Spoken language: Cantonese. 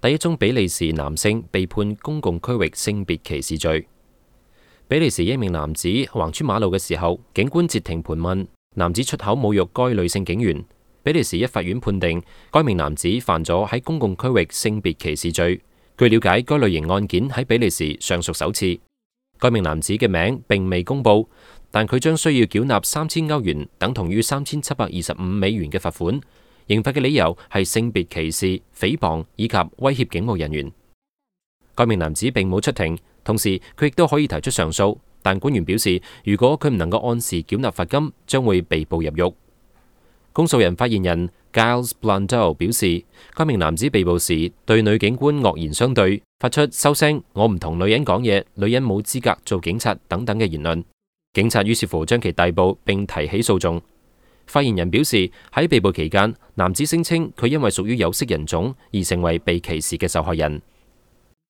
第一宗比利時男性被判公共區域性別歧視罪。比利時一名男子橫穿馬路嘅時候，警官截停盤問，男子出口侮辱該女性警員。比利時一法院判定該名男子犯咗喺公共區域性別歧視罪。據了解，該類型案件喺比利時尚屬首次。該名男子嘅名並未公佈，但佢將需要繳納三千歐元（等同於三千七百二十五美元）嘅罰款。刑罰嘅理由係性別歧視、誹謗以及威脅警務人員。該名男子並冇出庭，同時佢亦都可以提出上訴。但官員表示，如果佢唔能夠按時繳納罰金，將會被捕入獄。公訴人發言人 Giles Blundell 表示，該名男子被捕時對女警官惡言相對，發出“收聲，我唔同女人講嘢，女人冇資格做警察”等等嘅言論。警察於是乎將其逮捕並提起訴訟。發言人表示，喺被捕期間，男子聲稱佢因為屬於有色人種而成為被歧視嘅受害人。